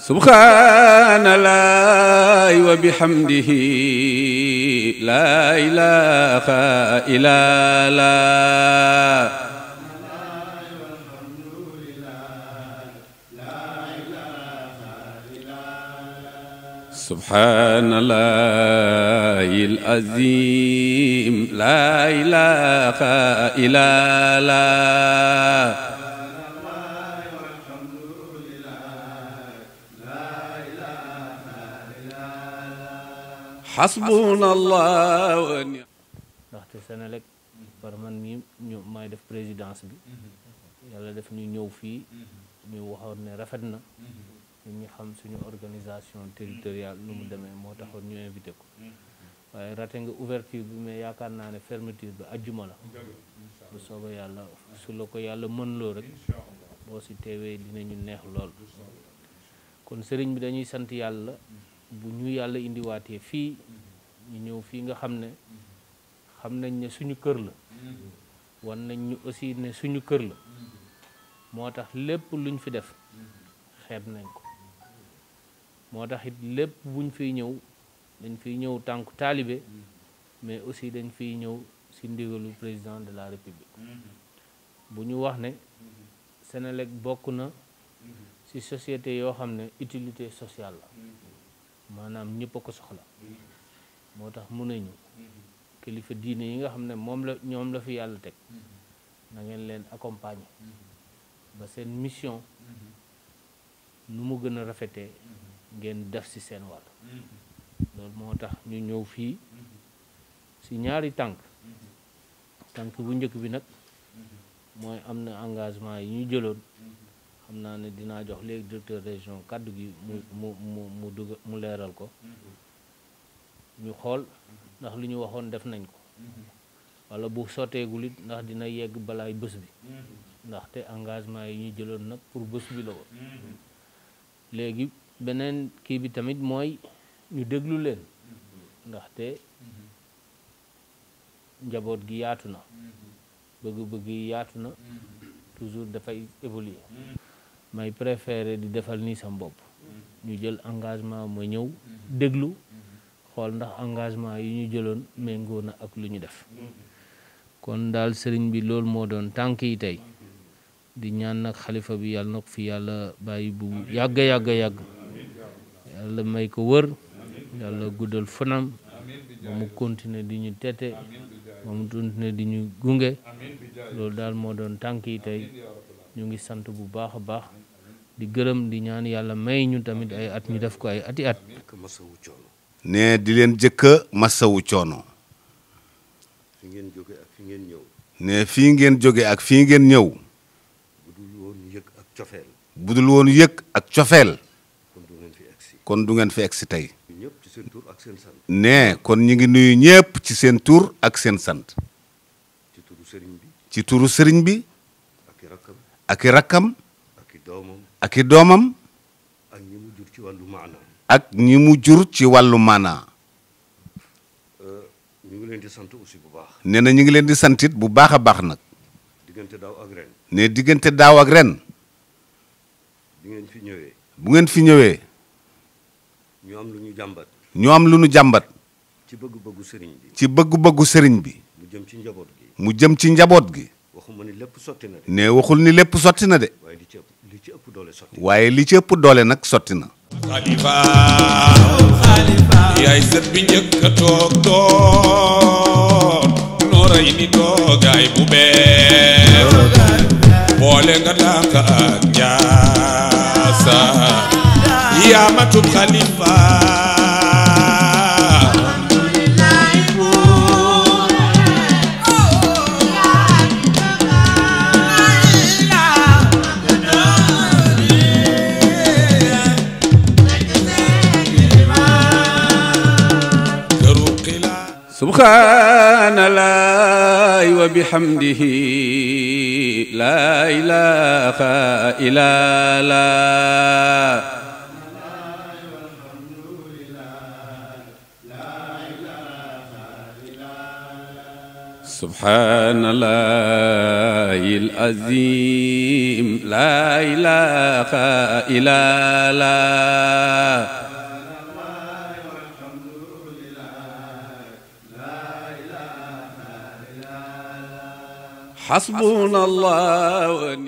سبحان الله وبحمده لا إله إلا الله سبحان الله العظيم لا إله إلا الله hasbunallah wa ni ndaxte Senelec par man nii ñu may def présidence bi yàlla def ñu ñëw fii ñu waxoon ne rafet na ñu xam suñu organisation territoriale lu mu demee moo taxoon ñu invité ko waaye rate nga ouverture bi mais yaakaar naa ne fermeture bi ajjuma la bu soobee yàlla su la ko yàlla mën loo rek boo si teewee dinañu neex lool kon sëriñ bi dañuy sant yàlla bu ñu yàlla indiwaatee fii ñu ñëw fii nga xam ne xam nañ ne suñu kër la wan nañ ñu aussi ne suñu kër la moo tax lépp luñ fi def xeeb nañ ko moo tax it lépp buñ fi ñëw dañ fiy ñëw tànku taalibe mais aussi dañ fi ñëw ci ndigalu président de la république bu ñu wax ne Senelec bokk na ci société yoo xam ne utilité sociale la maanaam ñëpp a ko soxla moo tax mun nañu kilifa diine yi nga xam ne moom la ñoom la fi yàlla teg na ngeen leen accompagner ba seen mission nu mu gën a rafetee ngeen def si seen wàll loolu moo tax ñu ñëw fii si ñaari tànk tànk bu njëkk bi nag mooy am na engagement yi ñu jëloon xam naa ne dinaa jox léegi directeur région kàddu gi mu mu mu mu dugg mu leeral ko ñu xool ndax lu ñu waxoon def nañ ko wala bu sotteegul it ndax dina yegg balaay bës bi ndaxte engagement yi ñu jëloon nag pour bës bi la woon léegi beneen kii bi tamit mooy ñu déglu leen ndaxte njaboot gi yaatu na bëgg-bëgg yi yaatu na toujours dafay évoluer may préféré di defal nii sam bopp ñu jël engagement ma ñëw déglu xool ndax engagement yi ñu jëloon méngoo na ak lu ñu def kon daal sëriñ bi loolu moo doon tànk yi tey di ñaan nag xalifa bi yàlla na ko fi yàlla bàyyi bu yàgga yàgga yàgg yàlla may ko wër yàlla guddal fanam ba mu continuer di ñu tete ba mu continuer di ñu gunge loolu daal moo doon tànk yi tey ñu ngi sant bu baax a baax di gërëm di ñaan yàlla may ñu tamit ay at ñu def ko ay ati at ne di leen jëkk masawu coono ne fii ngeen jóge ak fii ngeen ñëw budul woon yëg ak cofeel kon du ngeen fi egsi tey ne kon ñi ngi nuyu ñépp ci seen tour ak seen sant ci turu sëriñ bi ak rakam, aki domam, aki domam, ak ñi mu jur ci walu mana ak ñi mu jur ci walu mana euh, ñu ngi leen di sant aussi bu baax na ngi leen di santit bu baaxa baax nak digënté daw ak ren ne digënté daw ak ren bu ngeen fi ñëwé bu ngeen fi ñu am lu ñu jambat ci bëgg-bëggu sëriñ bi ci bëgg-bëggu sëriñ bi mu jëm ci njabot gi mu jëm ci njabot gi ne lépp sotti waxul ni lépp sotti na de. waaye li ci ëpp li ci ëpp waaye li ci ëpp doole nag sotti na. xalifa yaay sët njëkk a toog door nooray ni toogaay bu beer boole nga dànk ak njaasa yaa matub xalifa سبحان الله وبحمده لا إله إلا الله سبحان الله العظيم لا إله إلا الله حسبنا الله